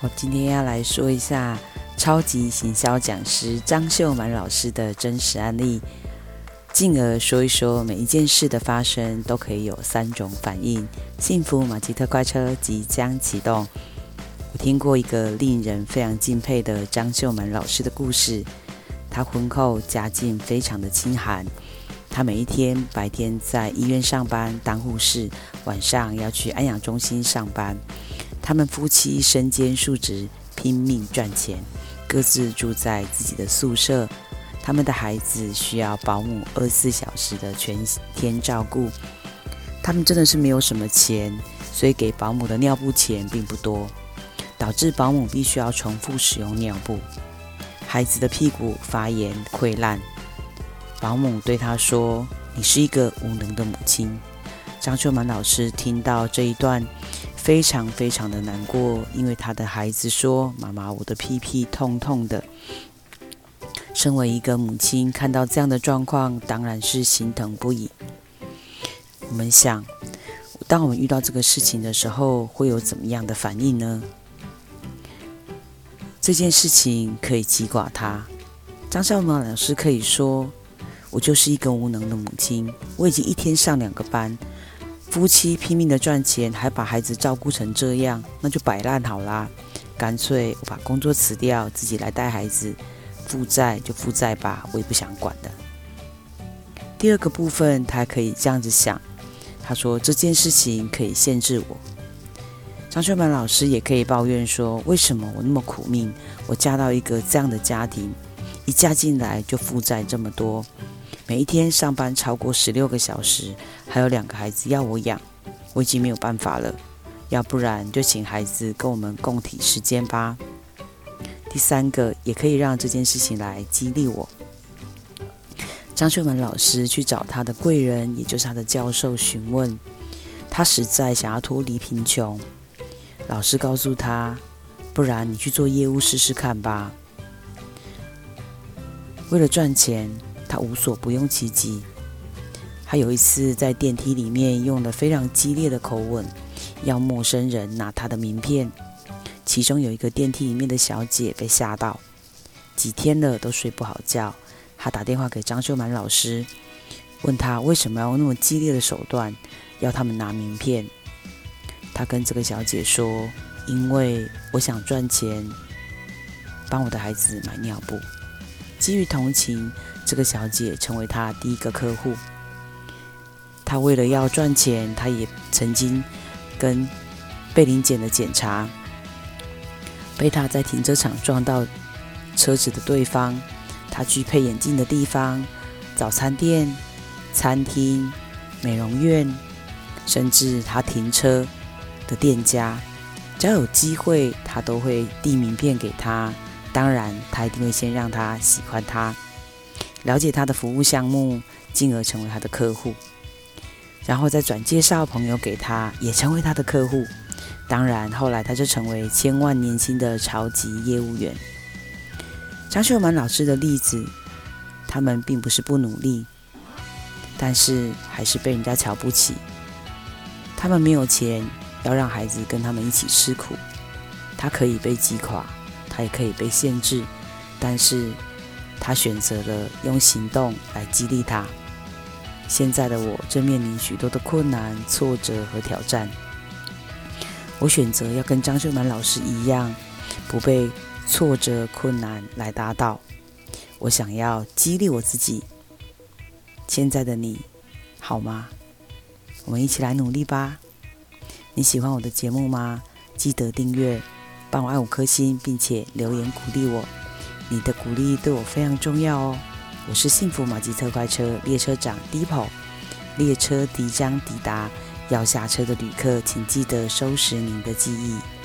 我今天要來說一下超級行銷講師張秀滿老師的真實案例，進而說一說每一件事的發生都可以有三種反應。幸福馬吉特快車即將啟動。我聽過一個令人非常敬佩的張秀滿老師的故事。他婚後家境非常的清寒，他每一天白天在醫院上班當護士，晚上要去安養中心上班。他們夫妻身兼數職，拼命賺錢，各自住在自己的宿舍。他們的孩子需要保姆二十四小時的全天照顧。他們真的是沒有什麼錢，所以給保姆的尿布錢並不多，導致保姆必須要重複使用尿布，孩子的屁股發炎潰爛。保姆對他說：“你是一個無能的母親。”張秀滿老師聽到這一段。非常非常的難過，因為他的孩子說：“媽媽，我的屁屁痛痛的。”身為一個母親，看到這樣的狀況，當然是心疼不已。我們想，當我們遇到這個事情的時候，會有怎麼樣的反應呢？這件事情可以擊垮他。張秀滿老師可以說：“我就是一個無能的母親，我已經一天上兩個班。”夫妻拼命的賺錢，還把孩子照顧成這樣，那就擺爛好啦，乾脆我把工作辭掉，自己來帶孩子，負債就負債吧，我也不想管的。第二個部分，他還可以這樣子想，他說這件事情可以限制我。張秀滿老師也可以抱怨說，為什麼我那麼苦命，我嫁到一個這樣的家庭，一嫁進來就負債這麼多。每一天上班超過十六個小時，還有兩個孩子要我養，我已經沒有辦法了。要不然就請孩子跟我們共體時間吧。第三個也可以讓這件事情來激勵我。張秀滿老師去找他的貴人，也就是他的教授詢問，他實在想要脫離貧窮。老師告訴他，不然你去做業務試試看吧。為了賺錢。他無所不用其極。他有一次在電梯裡面用了非常激烈的口吻，要陌生人拿他的名片。其中有一個電梯裡面的小姐被嚇到，幾天了都睡不好覺。他打電話給張秀滿老師，問他為什麼要用那麼激烈的手段要他們拿名片。他跟這個小姐說：“因為我想賺錢，幫我的孩子買尿布。”基於同情，這個小姐成為他第一個客戶。他為了要賺錢，他也曾經跟貝林姐的檢查，被他在停車場撞到車子的對方，他去配眼鏡的地方、早餐店、餐廳、美容院，甚至他停車的店家，只要有機會，他都會遞名片給他。當然，他一定會先讓他喜歡他，了解他的服務項目，進而成為他的客戶，然後再轉介紹朋友給他，也成為他的客戶。當然，後來他就成為千萬年薪的超級業務員。張秀滿老師的例子，他們並不是不努力，但是還是被人家瞧不起。他們沒有錢，要讓孩子跟他們一起吃苦，他可以被擊垮。還可以被限制，但是他選擇了用行動來激勵他。現在的我正面臨許多的困難、挫折和挑戰，我選擇要跟張秀滿老師一樣，不被挫折、困難來打倒。我想要激勵我自己。現在的你，好嗎？我們一起來努力吧！你喜歡我的節目嗎？記得訂閱。幫我按五顆星，並且留言鼓勵我，你的鼓勵對我非常重要哦。我是幸福馬吉特快車列車長 Depo，列車即將抵達，要下車的旅客請記得收拾您的記憶。